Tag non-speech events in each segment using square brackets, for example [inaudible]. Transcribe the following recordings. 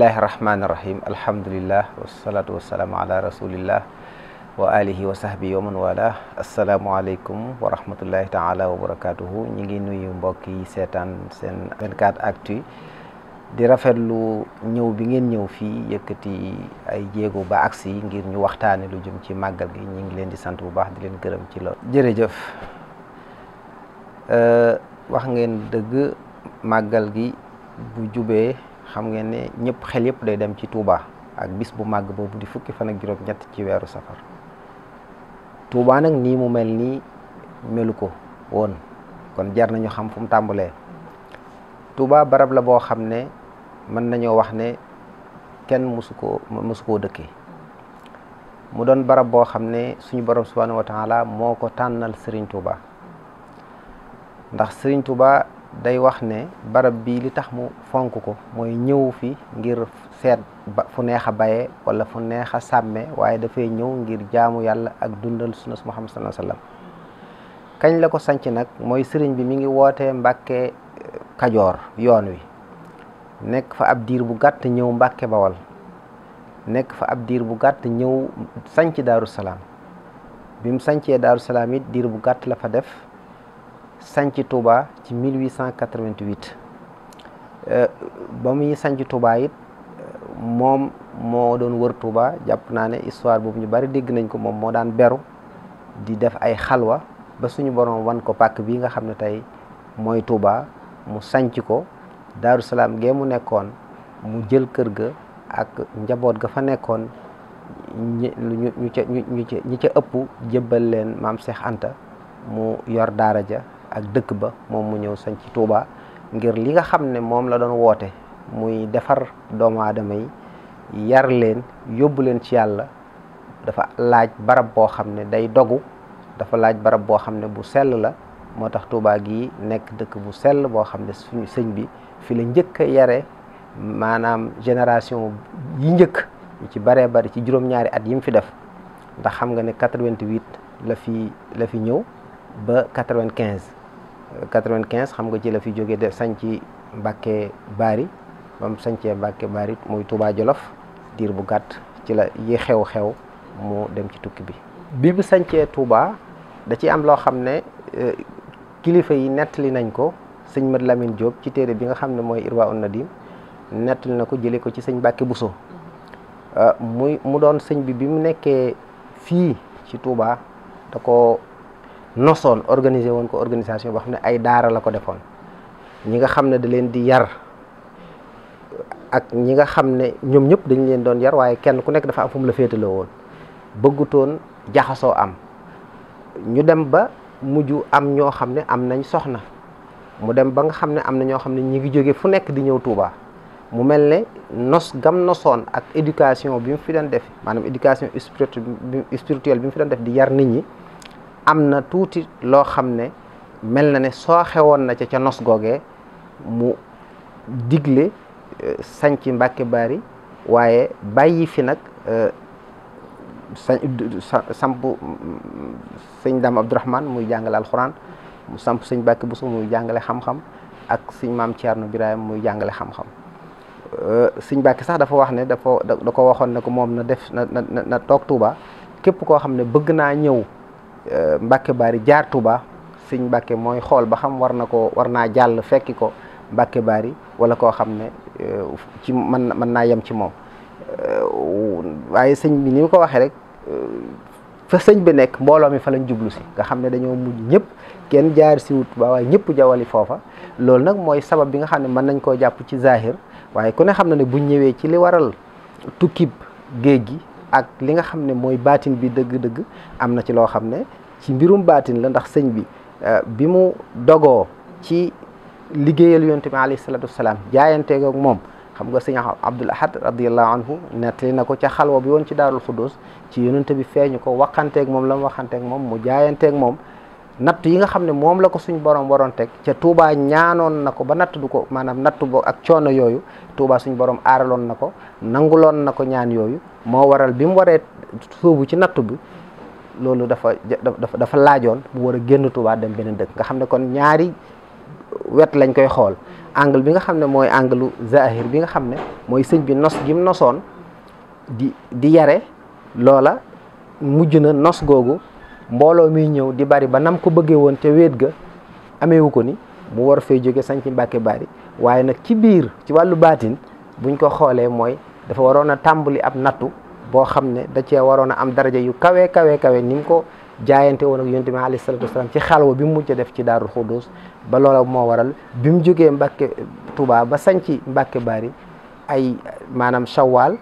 bismillahi rahmaani rahim alhamdulillah wasalaatu wasalaamu ala rasulillah wa alihi wa sahbi wa man wala asalaamualeykum wa rahmatullahi taala wa barakatuhu ñi ngi nuyu mbokk yi seetaan seen 24 actu di rafetlu ñëw bi ngeen ñëw fii yëkkati ay jéego ba agsi ngir ñu waxtaane lu jëm ci màggal gi ñi ngi leen di sant bu baax di leen gërëm ci lool jëf euh, wax ngeen dëgg màggal gi bu jubee xam ngeen ne ñëpp xel yëpp day dem ci Touba ak bis bu màgg boobu di fukki fan ak ñett ci weeru safar Touba nag nii mu mel nii melu ko woon kon jar nañu xam fu mu tàmbalee Touba barab la boo xam ne mën nañoo wax ne kenn mësu koo mësu koo dëkkee mu doon barab boo xam ne suñu borom subhanahu wa taala moo ko tànnal Serigne Touba ndax Serigne Touba. day wax ne barab bii li tax mu fonk ko mooy ñëw fi ngir seet ba fu neex a bayee wala fu neex a sàmme waaye dafay ñëw ngir jaamu yàlla ak dundal sunna Muhammad sallallahu alayhi wasallam kañ la ko sanc nag mooy sëriñ bi mu ngi wootee Mbàkke eh, Kajoor yoon wi nekk fa ab diir bu gàtt ñëw Mbàkke Bawol nekk fa ab diir bu gàtt ñëw sanc Daaru Salaam bi mu sancee Daaru Salaam diir bu gàtt la fa def sanc Touba ci 1888 euh, ba muy sanc Touba it moom moo doon wër Touba jàpp naa ne histoire boobu ñu bari dégg nañ ko moom moo daan beru di def ay xalwa ba suñu borom wan ko pàkk bii nga xam ne tey mooy Touba mu sanc ko Daaru Salaam gee mu nekkoon mu jël kër ga ak njaboot ga fa nekkoon ñi ñu ñu ca ñu ca ëpp jébbal leen maam Cheikh Anta mu yor daara ja ak dëkk ba moom mu ñëw sañ ci Touba ngir li nga xam ne moom la doon woote muy defar doomu yi yar leen yóbbu leen ci yàlla dafa laaj barab boo xam ne day dogu dafa laaj barab boo xam ne bu sell la moo tax Touba gi nekk dëkk bu sell boo xam ne suñu sëñ bi fi la njëkk yare maanaam génération yi njëkk yu ci baree bari ci juróom-ñaari at yi mu fi def ndax xam nga ne 88 la fi la fi ñëw ba 95 95 xam nga ci la fi jóge def ci Mbàkke Baari ba mu sañcee Mbàkke Baari muy Touba Jolof diir bu gàtt ci la yi xew-xew mu dem ci tukki bi bi mu sañcee Touba da ci am loo xam ne euh, kilifa yi nettali nañ ko sëñ ma Lamine jóg ci téere bi nga xam ne mooy Irwa un Nadim nettli na ko jële ko ci sëñ Mbàkke Buso euh, muy mu doon sëñ bi bi mu nekkee fii ci Touba da ko nosoon organiser woon ko organisation boo xam ne ay daara la ko defoon ñi nga xam ne da leen di yar ak ñi nga xam ne ñoom ñëpp dañ leen doon yar waaye kenn ku nekk dafa am fu la féetaloo woon bëggutoon jaxasoo am ñu dem ba mujj am ñoo xam ne am nañ soxna mu dem ba nga xam ne am na ñoo xam ne ñi ngi jóge fu nekk di ñëw tuubaa mu mel ne nos gam nosoon ak éducation bi mu fi doon def maanaam éducation spirituelle bi mu fi doon def di yar nit ñi am na tuuti loo xam ne mel na ne soo xewoon na ca ca nos googee mu digle euh, sanc Mbàkke Baari waaye bàyyi fi nag euh, sa samp sëñ Dame Abdourahmane muy jàngale alxuraan mu samp sëñ Mbàkke Buso muy jàngale xam-xam ak sëñ maam Thierno Birahim muy jàngale xam-xam euh, sëñ Mbàkke sax dafa wax ne dafa da ko waxoon ne ko moom na def na na na toog Tuuba képp koo xam ne bëgg naa ñëw Euh, Mbacke baari jaar tubaa sëñ Mbacke mooy xool ba xam war na ko war naa jàll fekki ko Mbacke baari wala koo xam ne euh, ci man mën naa yem ci moom euh, waaye sëñ bi ni ma ko waxee rek fa sëñ bi nekk mbooloo mi fa lañ jublu si nga xam ne dañoo mujj ñëpp kenn jaar si wut waaye ñëpp jawali foofa loolu nag mooy sabab bi nga xam ne mën nañ koo jàpp ci zahir waaye ku ne xam ne buñ ñëwee ci li waral tukkib géej gi ak li nga xam ne mooy baatin bi dëgg-dëgg am na ci loo ci mbirum baatin la ndax sëñ bi euh, bi mu dogoo ci liggéeyal yonent bi alayhi salaatu wasalaam jaayanteeg moom xam nga sëñ Abdul Ahad radiyallahu anhu nettali na ko ca xalwa bi woon ci daarul xudus ci yonent bi feeñu ko waxanteeg moom la mu waxanteeg moom mu jaayanteeg moom natt yi nga xam ne moom la ko suñ borom waroon teg ca Touba ñaanoon na ko ba natt du ko maanaam nattu bo ak coono yooyu Touba suñ borom aaraloon na ko nanguloon na ko ñaan yooyu moo waral bi mu waree sóobu ci natt bi loolu dafa dafa dafa laajoon mu war a génn Touba dem beneen dëkk nga xam ne kon ñaari wet lañ koy xool angle bi nga xam ne mooy angle zahir bi nga xam ne mooy sëñ bi nos gi mu nosoon di di yare loola mujj na nos googu mbooloo muy ñëw di bari ba nam ko bëggee woon ca wéet ga ameewu ko ni mu war fay jóge sañ ci Mbàkke bari waaye nag ci biir ci wàllu baatin buñ ko xoolee mooy dafa waroon a tàmbali ab nattu boo xam ne da cee waroon a am daraja yu kawe kawe kawe ni mu ko jaayante woon ak yonent bi alayhi salaatu wasalaam ci xalwa bi mu mujj def ci daarul xudus ba loola moo waral bi mu jógee Mbàkke Tuubaa ba sanci Mbàkke Bari ay maanaam shawwal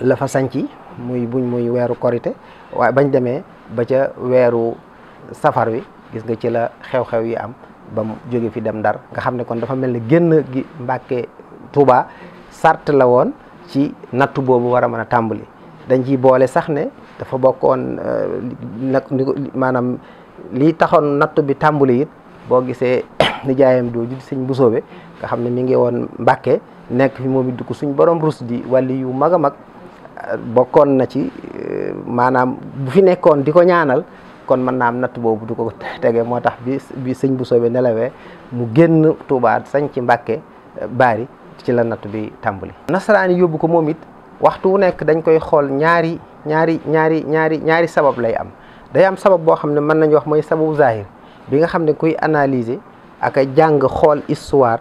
la fa sanci muy buñ muy weeru korite waaye bañ demee ba ca weeru safar wi gis nga ci la xew yi am ba jóge fi dem Ndar nga xam ne kon dafa mel ne génn gi Mbàkke Tuubaa sart la woon ci nattu boobu war a mën a tàmbali dañ ciy boole sax ne dafa bokkoon euh, nag ni ko maanaam lii taxoon nattu bi tàmbali it boo gisee [coughs] nijaayam dooju di sëñ Busoobe nga xam ne mi ngi woon Mbàkke nekk fi moom it di ko suñ borom rus di walli yu mag a mag bokkoon na ci euh, maanaam bu fi nekkoon di ko ñaanal kon mën naa am natt boobu du ko [laughs] tege moo tax bi bi sëñ Busoobe nelawee mu génn tuubaat sañ ci Mbàkke euh, baari ci la nattu bi tàmbali. nasaraan yi yóbbu ko moom it waxtu wu nekk dañ koy xool ñaari ñaari ñaari ñaari ñaari sabab lay am day am sabab boo xam ne mën nañu wax mooy sababu zahir bi nga xam ne kuy analyser ak a jàng xool histoire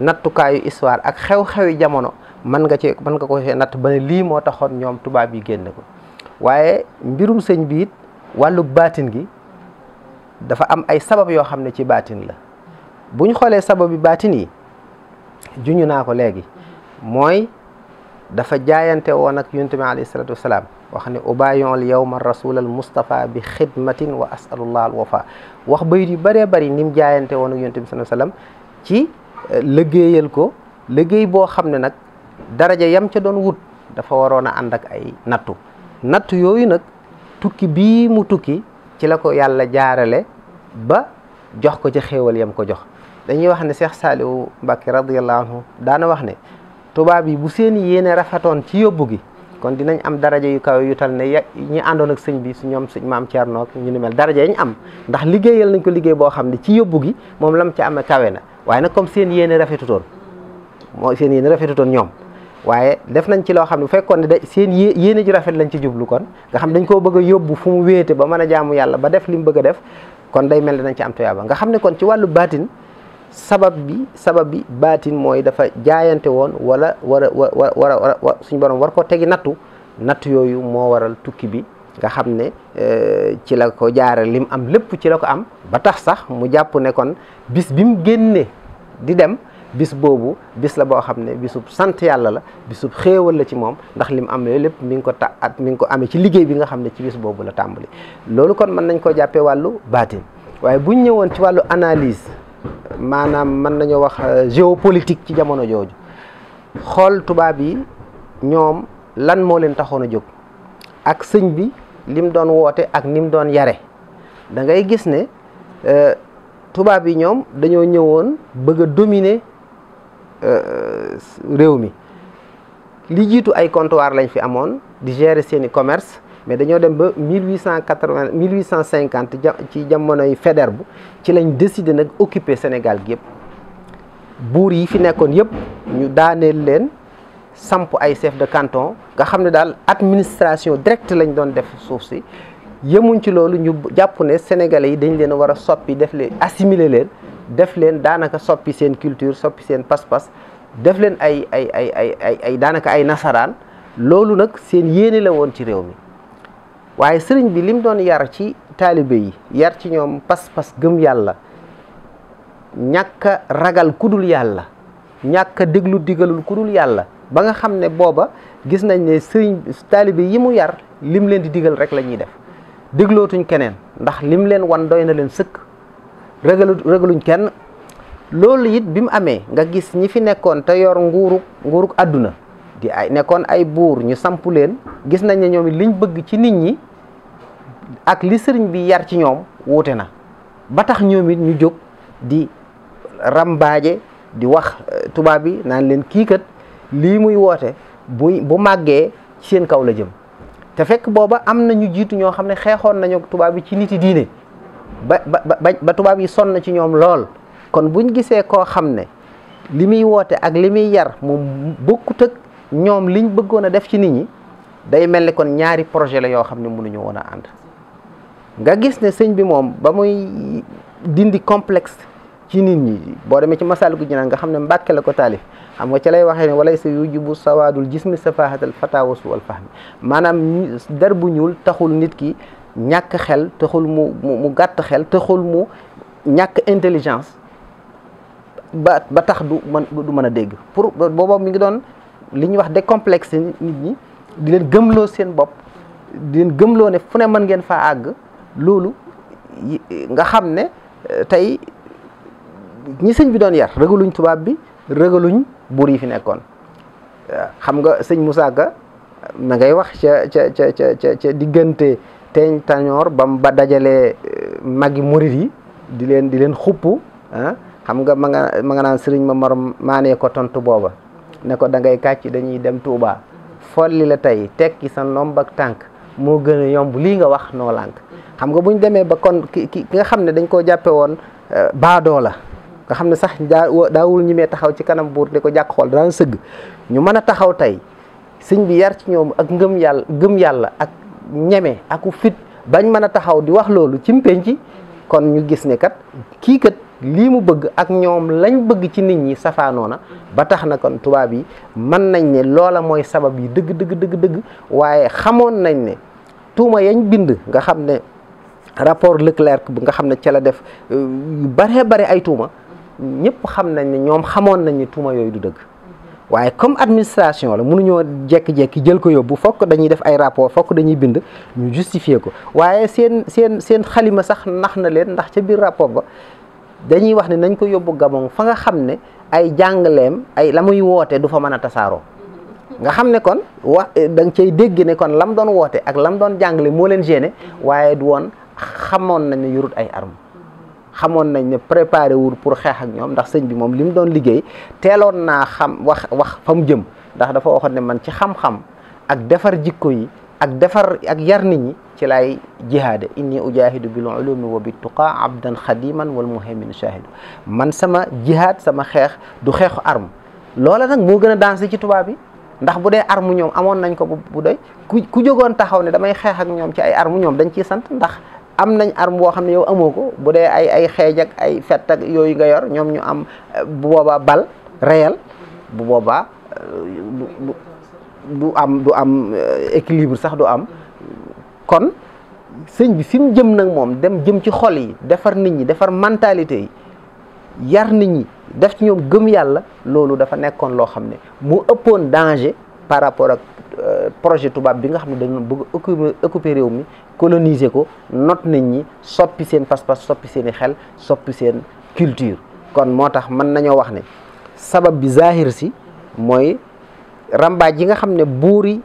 nattukaayu histoire ak xew-xewi jamono mën nga ci mën nga ko cee natt ba ne lii moo taxoon ñoom tubaab yi génn ko waaye mbirum sëñ bi it wàllu baatin gi dafa am ay sabab yoo xam ne ci baatin la bu xoolee sabab baatin yi. juñu naa ko léegi mooy dafa jaayante woon ak yonent bi alayhi salaatu wasalaam wax ne ubayon yowma rasul al bi xidmatin wa asalullah al wafa wax bayit yu bëree bëri ni mu jaayante woon ak yonent bi sallallahu ci eh, liggéeyal ko liggéey boo xam ne nag daraja yam ca doon wut dafa waroon a ànd ay nattu nattu yooyu nag tukki bii mu tukki ci la ko yàlla jaarale ba jox ko ci xéewal yam ko jox dañuy wax ne Cheikh Saliou Mbacké radiyallahu anhu daana wax ne tubaab yi bu seen yéene rafetoon ci yóbbu gi kon dinañ am daraja yi kaw yu tal ne ñi àndoon ak sëñ bi su ñoom suñ maam Thierno ak ñu ni mel daraja yañ am ndax liggéeyal nañ ko liggéey boo xam ne ci yóbbu gi moom lam ci amee kawe na waaye nag comme seen yéene rafetutoon mooy seen yéene rafetutoon ñoom waaye def nañ ci loo xam ne bu fekkoon ne da seen yéene ju rafet lañ ci jublu nga xam dañ koo bëgg a fu mu wéete ba mën a jaamu yàlla ba def li mu bëgg def kon day mel ne dañ ci am tuyaaba nga xam ne kon ci wàllu baatin sabab bi sabab bi baatin mooy dafa jaayante woon wala war a war a war suñu borom war ko tegi nattu nattu yooyu moo waral tukki bi nga xam ne eh, ci la ko jaare lim am lépp ci la ko am ba tax sax mu jàpp ne kon bis bi mu génnee di dem bis boobu bis la boo xam ne bisub sant yàlla la bisub xéewal la ci moom ndax lim am yooyu lépp mi ngi ko ta at mi ngi ko amee ci liggéey bi nga xam ne ci bis boobu la tàmbali loolu kon mën nañ koo jàppee wàllu baatin waaye buñ ñëwoon ci maanaam mën nañoo wax euh, géopolitique ci jamono jooju xool tubaab yi ñoom lan moo leen taxoon a jóg ak sëñ bi lim doon woote ak nim doon yare da ngay gis ne euh, tubaab yi ñoom dañoo ñëwoon bëgg domine dominer euh, réew mi li jiitu ay comptoir lañ fi amoon di gere seeni commerce mais dañoo dem ba 1880 1850 ja ci jamonoy bu ci lañ décidé nag occuper Sénégal gi yëpp buur yi fi nekkoon yëpp ñu daaneel leen samp ay chef de canton nga xam ne daal administration directe lañ doon def suuf si yemuñ ci loolu ñu jàpp ne sénégalais yi dañ leen war a soppi def leen assimiler leen def leen daanaka soppi seen culture soppi seen pas-pas def leen ay ay ay ay ay daanaka ay nasaraan loolu nag seen yéene la woon ci réew mi waaye sëriñ bi lim doon yar ci taalibe yi yar ci ñoom pas-pas gëm yàlla ñàkk a ragal kudul yàlla ñàkk a déglu digalul kudul yàlla ba nga xam ne booba gis nañ ne sëriñ taalibe yi mu yar lim leen di digal rek la ñuy def déglootuñ keneen ndax lim leen wan doy na leen sëkk ragalu ragaluñ kenn loolu it bi mu amee nga gis ñi fi nekkoon te yor nguuruk nguuruk àdduna di ay nekkoon ay buur ñu samp leen gis nañ ne ñoom liñ bëgg ci nit ñi ak li sëriñ bi yar ci ñoom wuute na ba tax ñoom it ñu jóg di rambaaje di wax euh, tubaab yi naan leen kii kat lii muy woote bu bu màggee ci seen kaw la jëm te fekk booba am na ñu jiitu ñoo xam ne xeexoon nañu tubaab bi ci niti diine ba ba ba tubaab yi sonn ci ñoom lool kon buñ gisee koo xam ne li muy woote ak li muy yar moom bokkut ñoom liñ bëggoon a def ci nit ñi day mel ni kon ñaari projet la yoo xam ne mënuñu woon a ànd nga gis ne sëñ bi moom ba muy dindi complexe ci nit ñi boo demee ci Masaalikul Jinaan nga xam ne Mbàkke la ko taalif xam nga ca lay waxee ne walay sa yujibu sawaadul jismi safahatal fatawasu wal fahmi maanaam der bu ñuul taxul nit ki ñàkk xel taxul mu mu gàtt xel taxul mu ñàkk intelligence ba ba tax du mën du mën a dégg pour booba mi ngi doon li ñuy wax décomplexe nit ñi di leen gëmloo seen bopp di leen gëmloo ne fu ne mën ngeen faa àgg loolu nga xam ne euh, tey ñi sëñ bi doon yar rëgaluñ tubaab bi rëgaluñ buur yi fi nekkoon euh, xam nga sëñ Moussa Ka ma ngay wax ca ca ca ca ca diggante teeñ tañoor bam ba dajale euh, magi murit yi di leen di leen xupp ah xam nga ma nga ma nga naan sëriñ ma morom maanee ko tontu booba ne ko da ngay kàcc dañuy dem Touba folli la tey tekki sa ndomb ak tànk moo gën a yomb lii nga wax noo lànk xam nga bu ñu demee ba kon ki ki nga xam ne dañ koo jàppe woon euh, baadoo la nga xam ne sax daawul ñi mee taxaw ci kanam buur di ko jàkk xool daan sëgg ñu mën a taxaw tey sëñ bi yar ci ñoom ak ngëm yàlla gëm yàlla ak ñeme aku fit bañ mën a taxaw di wax loolu ci mpénc kon ñu gis ne kat kii kat lii mu bëgg ak ñoom lañ bëgg ci nit ñi safaanoo na ba tax na kon tubaab yi mën nañ ne loola mooy sabab yi dëgg dëgg dëgg dëgg waaye xamoon nañ ne tuuma yañ bind nga xam ne rapport Leclerc bu nga xam ne ca la def euh, yu baree bare ay tuuma ñëpp xam nañ ne ñoom xamoon nañ ne tuuma yooyu du dëgg waaye comme administration la mënuñoo jekki-jekki jël ko yóbbu fokk dañuy def ay rapport fokk dañuy bind ñu justifier ko waaye seen seen seen xalima sax nax na leen ndax ca biir rapport ba dañuy wax ne nañ ko yóbbu Gabon fa nga xam ne ay jàngaleem ay la muy woote du fa mën a tasaaroo nga xam ne kon wax eh, da nga cay dégg ne kon mu doon woote ak lam doon jàngale moo leen gêné waaye du woon xamoon nañ ne yurut ay arme xamoon nañ ne préparer wul pour xeex ak ñoom ndax sëñ bi moom li mu doon liggéey teeloon naa xam wax wax fa mu jëm ndax dafa waxoon ne man ci xam-xam ak defar jikko yi ak defar ak yar nit ñi ci laay jihaada inni ujahidu bil ulumi wa bit tuqa abdan xadiman wal muhaymin shahidu man sama jihaad sama xeex du xeexu arm loola nag moo gën a dansé ci tubaab bi ndax bu dee arme ñoom amoon nañ ko bu doy ku ku jógoon taxaw ne damay xeex ak ñoom ci ay arme ñoom dañ ciy sant ndax am nañ arme boo xam ne yow amoo ko bu dee ay ay xeej ay fett yooyu nga yor ñoom ñu am eh, bu boobaa bal réel bu boobaa eh, du am du am eh, équilibre sax du am kon sëñ bi fi mu jëm nag moom dem jëm ci xol yi defar nit ñi defar mentalité yi yar nit ñi def ci ñoom gëm yàlla loolu dafa nekkoon loo xam ne mu ëppoon danger par rapport ak euh, projet tubaab bi nga xam ne dañu bëgg occuper occuper réew mi coloniser ko not nit ñi soppi seen pas-pas soppi seen i xel soppi seen culture. kon moo tax mën nañoo wax ne sabab bi zahir si mooy rambaaj yi nga xam ne buur yi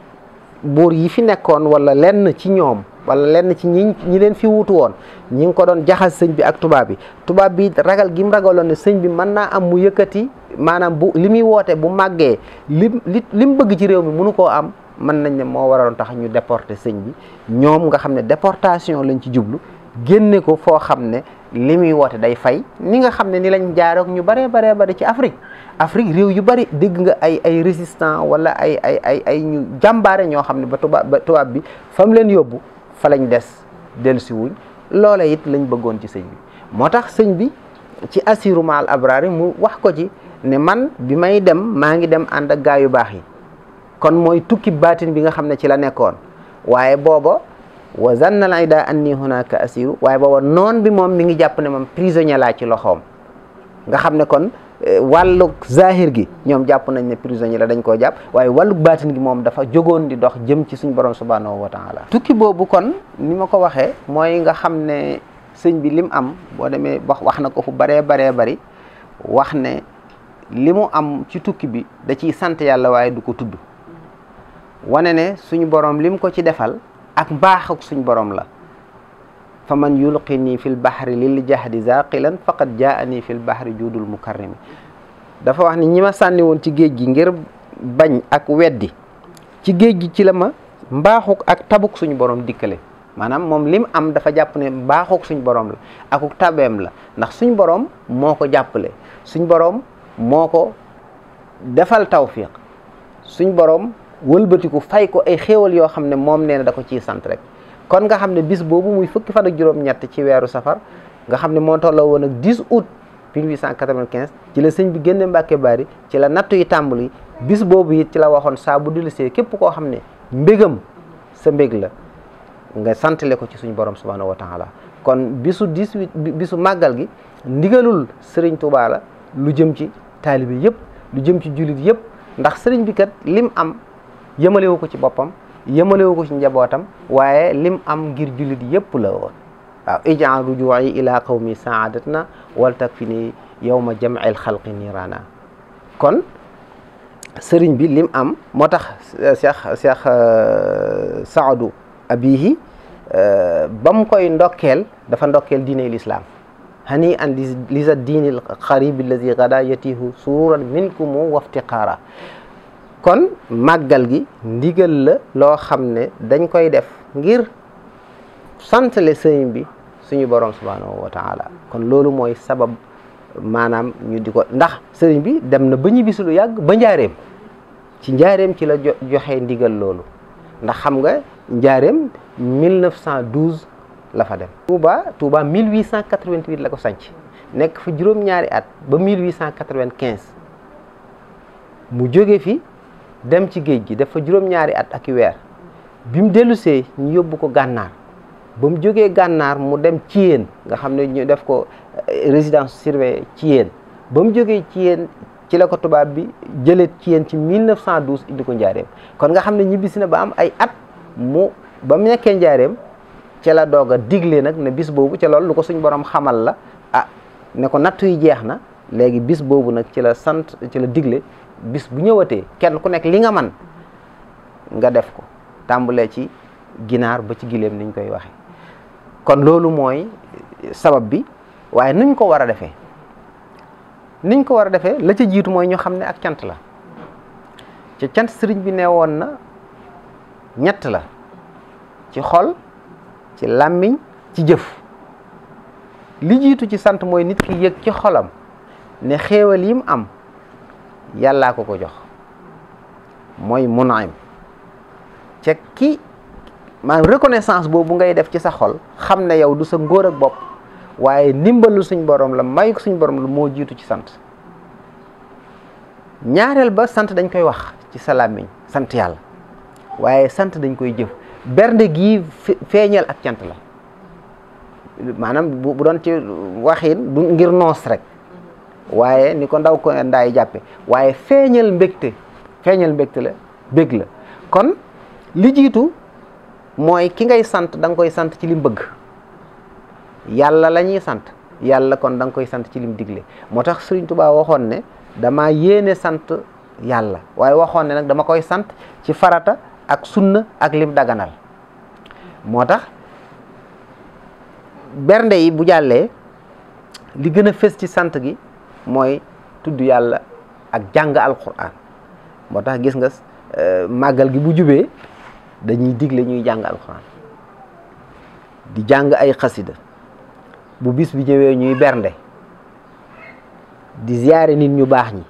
buur yi fi nekkoon wala lenn ci ñoom wala lenn ci ñi ñi leen fi wutu woon ñi ngi ko doon jaxas sëñ bi ak tubaab bi tubaab bi ragal gi mu ragaloon ne sëñ bi mën naa am mu yëkkati maanaam bu li muy woote bu màggee li li bëgg ci réew mi munu koo am mën nañ ne moo waraloon tax ñu déporté sëñ bi ñoom nga xam ne déportation lañ ci jublu génne ko foo xam ne li muy woote day fay ni nga xam ne ni lañ jaaroog ñu baree baree bari ci Afrique Afrique réew yu bari dégg nga ay ay résistant wala ay ay ay ay jàmbaare ñoo xam ne ba tubaab bi fa leen yóbbu fa lañ des dellusi wuñ loola it lañ bëggoon ci sëñ bi moo tax sëñ bi ci asiru maal abraari mu wax ko ci ne man bi may dem maa ngi dem ànd ak gaa yu baax yi kon mooy tukki baatin bi nga xam ne ci la nekkoon waaye booba wa zanna lay daa anni hunaka asiru waaye booba noon bi moom mi ngi jàpp ne moom prisonnier laa ci loxoom nga xam ne kon Eh, wàllug zahir gi ñoom jàpp nañ ne prisonnier la dañ koo jàpp waaye wàllug baatin gi moom dafa jogoon di dox jëm ci suñ borom subhanahu wa taala tukki boobu kon ni ma ko waxee mooy nga xam ne sëñ bi lim am boo demee wax na ko fu baree baree bari wax ne li mu am ci tukki bi da ciy sant yàlla waaye du ko tudd wane ne suñu borom lim ko ci defal ak mbaax ak suñu borom la fa man nii fil bahri lil jahdi zaqilan faqad jaani fil bahri juudul mukarrami dafa wax ni ñi ma sànni woon ci géej gi ngir bañ ak weddi ci géej gi ci la ma mbaaxuk ak tabuk suñu borom dikkale maanaam moom lim am dafa jàpp ne mbaaxuk suñu borom la akuk tabeem la ndax suñ boroom moo ko jàppale suñ boroom moo ko defal tawfiq suñu boroom walbatiku fay ko ay xéewal yoo xam ne moom nee da ko ciy sant rek. kon nga xam ne bis boobu muy fukki fan ak juróom-ñett ci weeru safar nga xam ne moo tolloo woon ak 10 août 1895 ci la sëñ bi génne Mbàkke Bari ci la nattu yi tàmbali bis boobu it ci la waxoon saabu bu dellusee képp koo xam ne mbégam sa mbég la nga santale ko ci suñu borom subhaanahu wa taala kon bisu 18 bisu màggal gi ndigalul sëriñ Tuubaa la lu jëm ci taalibe yëpp lu jëm ci jullit yëpp ndax sëriñ bi kat lim am yëmalewu ko ci boppam yëmalewu ko ci njabootam waaye lim am ngir jullit yépp la woon waaw ijaan rujuu'i ila qawmi saadatna wal takfini yawma jam'il xalqi nirana kon sëriñ bi lim am moo tax Cheikh Cheikh Saadu abihi ba mu koy ndokkeel dafa ndokkeel diine lislaam hani an lisa diini alqaribi alladi gada yatihu sururan minkum waftiqaara kon màggal gi ndigal la loo xam ne dañ koy def ngir santale sëriñ bi suñu borom subhanahu wa kon loolu mooy sabab maanaam ñu di ko ndax sëriñ bi dem na ba ñu bis lu yàgg ba njaareem ci njaareem ci la joxe ndigal loolu ndax xam nga njaareem 1912 la fa dem. Touba Touba 1888 la ko sanc nekk fa juróom-ñaari at ba 1895 mu jóge fi dem ci géej gi dafa juróom-ñaari at ak i weer bi mu dellusee ñu yóbbu ko gànnaar ba mu jógee gànnaar mu dem ci yéen nga xam ne ñu def ko euh, résidence surveillée ci yéen ba mu jógee ci yéen ci la ko tubaab bi jëlee ci yéen ci 1912 indi ko njaareem kon nga xam ne ñibbisi na ba am ay at mu ba mu nekkee njaareem ca la doog a digle nag ne bis boobu ca loolu lu ko suñ borom xamal la ah ne ko nattu yi jeex na léegi bis boobu nag ci la sant ci la digle bis bu ñëwatee kenn ku nekk li nga man nga def ko tàmbalee ci ginaar ba ci gileem niñ koy waxe kon loolu mooy sabab bi waaye nuñ ko war a defee niñ ko war a defee la ca jiitu mooy ñu xam ne ak cant la ci cant sëriñ bi ne woon na ñett la ci xol ci làmmiñ ci jëf li jiitu ci sant mooy nit ki yëg ci xolam ne xéewal yim am yàllaa ko ko jox mooy munaim ca ki maanaam reconnaissance boobu ngay def ci sa xol xam ne yow du sa ngóor ak bopp waaye ndimbalu suñ borom la may ko suñ borom la moo jiitu ci sant ñaareel ba sant dañ koy wax ci sa làmmiñ sant yàlla waaye sant dañ koy jëf bernde gii feeñal ak cant la maanaam bu doon ci waxin du ngir noos rek waaye ni ko ndaw ko ndaay jàppe waaye feeñal mbégte feeñal mbégte la bég la kon li jiitu mooy ki ngay sant da koy sant ci lim bëgg yàlla la sant yàlla kon da koy sant ci lim digle moo tax Sëriñ ba waxoon ne dama yéene sant yàlla waaye waxoon ne nag dama koy sant ci farata ak sunna ak lim daganal moo tax bernde yi bu jàllee li gën a fës ci sant gi mooy tudd yàlla ak jàng alquran moo tax gis nga euh, màggal gi bu jubee dañuy digle ñuy jàng alquran di jàng ay xasida bu bis bi ñëwee ñuy bernde di ziyaare nit ñu baax ñi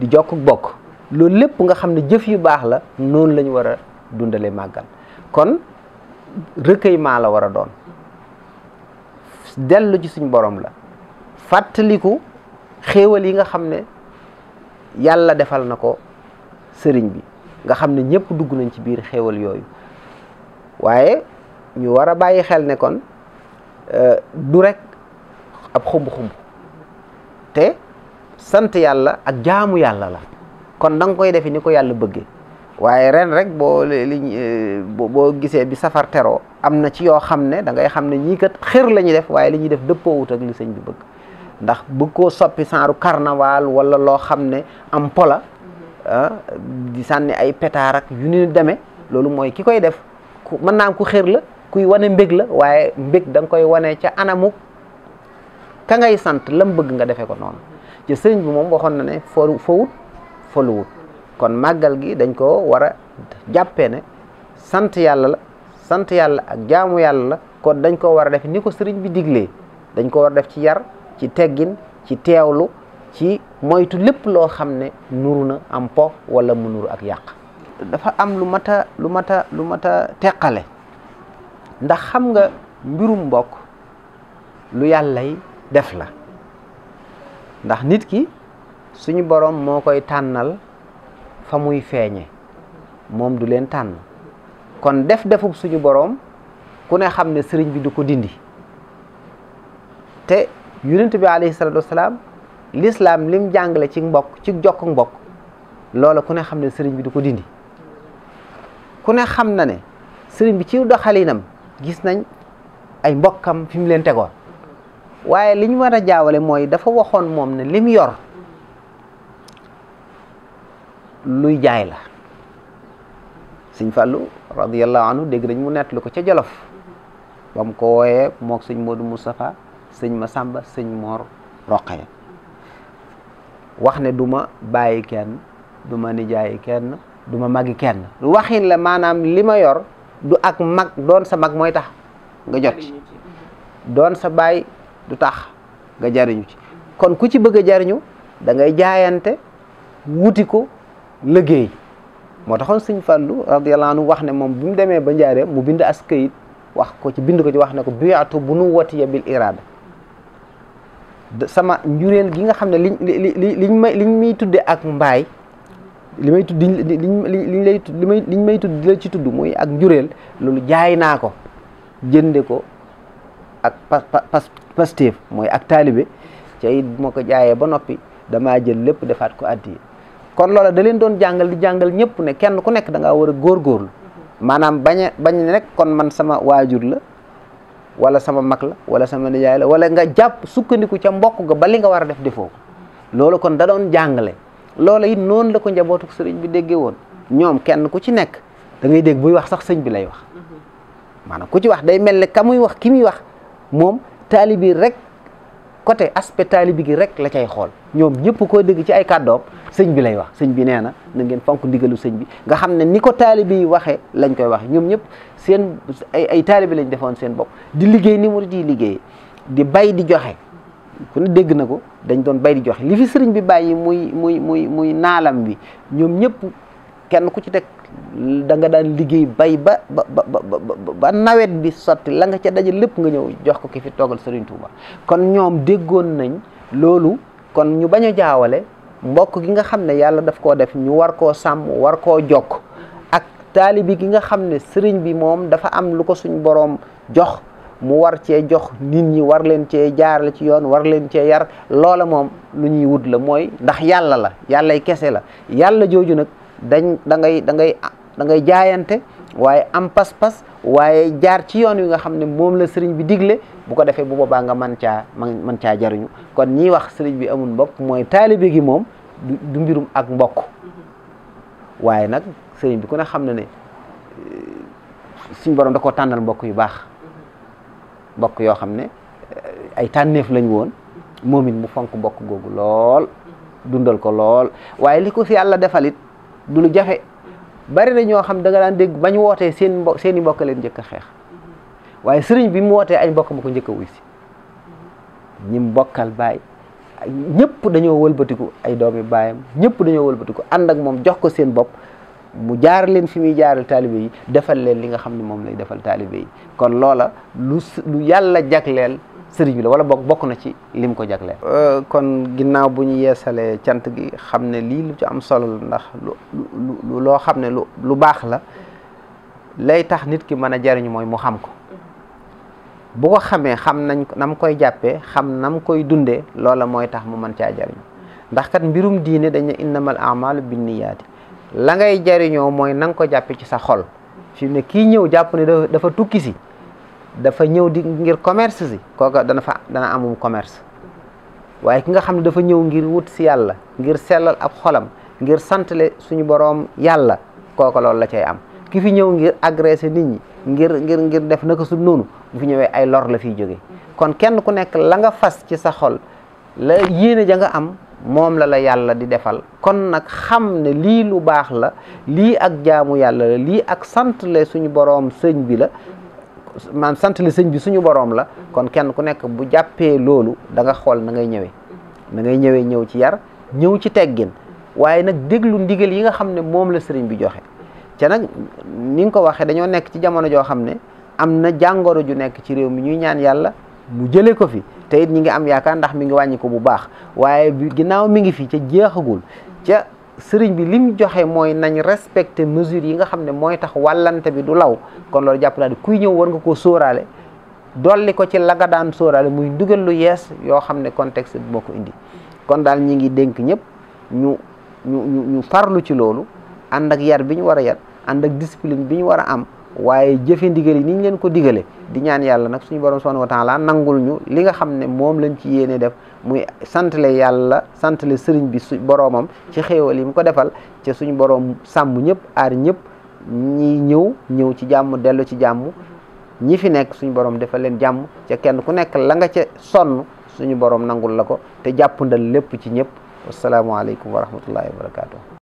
di jokk bokk loolu lépp nga xam ne jëf yu baax la noonu lañu ñu war a dundale màggal kon recueillement la war a doon dellu ci suñ borom la fàttaliku xéewal yi nga xam ne yàlla defal na ko sëriñ bi nga xam ne ñëpp dugg nañ ci biir xéewal yooyu waaye ñu war a bàyyi xel ne kon euh, du rek ab xumb-xumb te sant yàlla ak jaamu yàlla la kon da koy defe ni ko yàlla bëggee waaye ren rek boo li boo gisee bi safar teroo am na ci yoo xam ne dangay xam ne ñii kat xër la ñuy def waaye li ñuy def dëppoowut ak li sëñ bi bëgg ndax bëgg koo soppi sanru carnaval wala loo xam ne am pola ah, di sànni ay pétaar ak yu ni demee loolu mooy ki koy def ku mën naa am ku xër kuy wane mbég la waaye mbég da koy wane ca anamu ka ngay sant lam bëgg nga defee ko noonu ci sëriñ bi moom waxoon na ne fo fowut foluwut kon màggal gi dañ koo war a jàppee ne sant yàlla la sant yàlla ak jaamu yàlla la kon dañ koo war a def ni ko sëriñ bi diglee dañ ko war a def ci yar ci teggin ci teewlu ci moytu lépp loo xam ne nuru na am po wala mu nuru ak yàq dafa am lu mat lu mat a lu mat a teqale ndax xam nga mbirum mbokk lu yàllay def la ndax nit ki suñu borom moo koy tànnal fa muy feeñe moom du leen tànn kon def defub suñu borom ku ne xam ne sëriñ bi du ko dindi te yonent bi alayhi salaatu wasalaam lislaam lim jàngale ci mbokk ci jokk mbokk loola ku ne xam ne sëriñ bi du ko dindi ku ne xam na ne sëriñ bi ci doxalinam gis nañ ay mbokkam fi mu leen tegoon waaye li war a jaawale mooy dafa waxoon moom ne lim yor luy jaay la sëñ Fallou radiyallahu anhu dégg nañ mu nett lu ko ca Jolof moom ko wooyee mook sëñ Modou Moustapha sëñ ma sàmba sëñ Mor Roqaya wax ne du ma bàyyi kenn du ma nijaayi kenn du ma magi kenn waxin la maanaam li ma yor du ak mag doon sa mag mooy tax nga jot doon sa baay du tax nga jariñu ci kon ku ci bëgg a jariñu dangay jaayante wuti ko léggéey moo taxoon sëñ Fallou radiyallahu nu wax ne moom bu mu demee ba njaareem mu bind as këyit wax ko ci bind ko ci wax ne ko biatu bu nu watiya bil irada sama njureel gi nga xam ne liñ li li liñ may liñ may tudde ak mbaay li may tudd liñ liñ lay li may liñ may tudd la ci tudd muy ak njureel loolu jaay naa ko jënde ko ak pas Pastef mooy ak taalibe ca it bu ma ko jaayee ba noppi damaa jël lépp defaat ko addiye kon loola da leen doon jàngal di jàngal ñëpp ne kenn ku nekk da ngaa war a góorgóorlu mhm. maanaam bañ bañ ne rek kon man sama waajur la wala sama mag la wala sama nijaay la wala nga jàpp sukkandiku ca mbokk ga ba li nga war a def defoo ko loolu kon da doon jàngale loola it noonu la ko njabootu sëriñ bi déggee woon ñoom kenn ku ci nekk da ngay dégg buy wax sax sëñ bi lay wax mhm. maanaam ku ci wax day mel ne ka muy wax ki muy wax moom taalibi rek côté aspect talibi gi rek la cay xool ñoom ñëpp koo dégg ci ay kàddoom sëñ bi lay wax sëñ bi nee na na ngeen fonk ndigalu sëñ bi nga xam ne ni ko taalibe yi waxee lañ koy waxe ñoom ñëpp seen ay ay taalibe lañ defoon seen bopp di liggéey ni murid yi liggéey di bay di joxe ku ne dégg na ko dañ doon bay di joxe li fi sëriñ bi bàyyi muy muy muy muy naalam bi ñoom ñëpp kenn ku ci teg da nga daan liggéey bay ba ba ba ba nawet bi sotti la nga ca daje lépp nga ñëw jox ko ki fi toogal Serigne Touba kon ñoom déggoon nañ loolu kon ñu bañ a jaawale mbokk gi nga xam ne yàlla daf koo def ñu war koo sàmm war koo jokk ak taalibi gi nga xam ne sëriñ bi moom dafa am lu ko suñ boroom jox mu war cee jox nit ñi war leen cee jaarale ci yoon war leen cee yar loola moom lu ñuy wut la mooy ndax yàlla la yàllay kese la yàlla jooju nag dañ da ngay da ngay da ngay jaayante waaye am pas-pas waaye jaar ci yoon wi nga xam ne moom la sëriñ bi digle bu ko defee bu boobaa nga man caa man caa jariñu kon ñiy wax sëriñ bi amul mbokk mooy taale gi moom du mbirum ak mbokk waaye nag sëriñ bi ku ne xam na ne suñ borom da koo tànnal mbokk yu baax mbokk yoo xam ne ay tànneef lañ woon moom mu fonk mbokk googu lool dundal ko lool waaye li ko fi yàlla defal du lu jafe bari na ñoo xam da nga daan dégg bañ wootee seen mbo seen mbokk leen njëkk a xeex waaye sëriñ bi mu wootee ay mbokk ko njëkk a wuy si ñi bokkal baay ñëpp dañoo wëlbatiku ay doomi baayam ñëpp dañoo wëlbatiku ànd moom jox ko seen bopp mu jaar leen fi muy jaaral taalibe yi defal leen li nga xam ni moom lay defal taalibe yi kon loola lu yàlla jagleel sëriñ bi la wala bokk bokk na ci lim ko jagleel. Euh, kon ginnaaw bu ñu yeesalee cant gi xam ne lii lu ci am solo la ndax lu loo xam ne lu lu baax la lay tax nit ki mën a jariñu mooy mu xam ko bu ko xamee xam nañ nam koy jàppee xam nam koy dundee loola mooy tax mu mën caa jariñu ndax kat mbirum diine dañu innamal amalu binniyaati la ngay jariñoo mooy na ko jàppee ci sa xol fi mu ne kii ñëw jàpp ne dafa tukki si dafa ñëw di ngir commerce si kooka dana fa dana amum commerce waaye ki nga xam ne dafa ñëw ngir wut si yàlla ngir sellal ab xolam ngir santale suñu boroom yàlla kooka loolu la cay am ki fi ñëw ngir agressé nit ñi ngir ngir ngir def naka su noonu bu fi ñëwee ay lor la fiy jóge kon kenn ku nekk la nga fas ci sa xol la yéene ja am moom la la yàlla di defal kon nag xam ne lii lu baax la lii ak jaamu yàlla la lii ak sant la suñu boroom sëñ bi la maam sant li sëñ bi suñu boroom la kon kenn ku nekk bu jàppee loolu danga xool na ngay ñëwee na ngay ñëwee ñëw ci yar ñëw ci teggin waaye nag déglu ndigal yi nga xam ne moom la sëriñ bi joxe ca nag ni nga ko waxee dañoo nekk ci jamono joo xam ne am na jàngoro ju nekk ci réew mi ñuy ñaan yàlla mu jële ko fi te ñu ngi am yaakaar ndax mi ngi wàññi bu baax waaye ginnaaw mi ngi fi ca jeexagul ca sëriñ bi lim joxe mooy nañ respecté mesures yi nga xam ne mooy tax wàllante bi du law kon loolu jàpp naa ne kuy ñëw war nga koo sóoraale dolli ko ci la nga daan sóoraale muy dugal lu yees yoo xam ne contexte bi moo ko indi kon daal ñi ngi dénk ñëpp ñu ñu ñu ci loolu ànd ak yar bi ñu war a yar ànd ak discipline bi ñu war a am waaye jëfe ndigal yi ni leen ko digale di ñaan yàlla nag suñu borom subhanahu wa taala nangul ñu li nga xam ne moom lañ ci yéene def muy santale yàlla santale sëriñ bi su boroomam ci xéewal yi mu ko defal ca suñu borom sàmm ñëpp aar ñëpp ñi ñëw ñëw ci jàmm dellu ci jàmm ñi fi nekk suñu borom defal leen jàmm ca kenn ku nekk la nga ca sonn suñu borom nangul la ko te jàppandal lépp ci ñëpp wasalaamualeykum wa rahmatullahi wa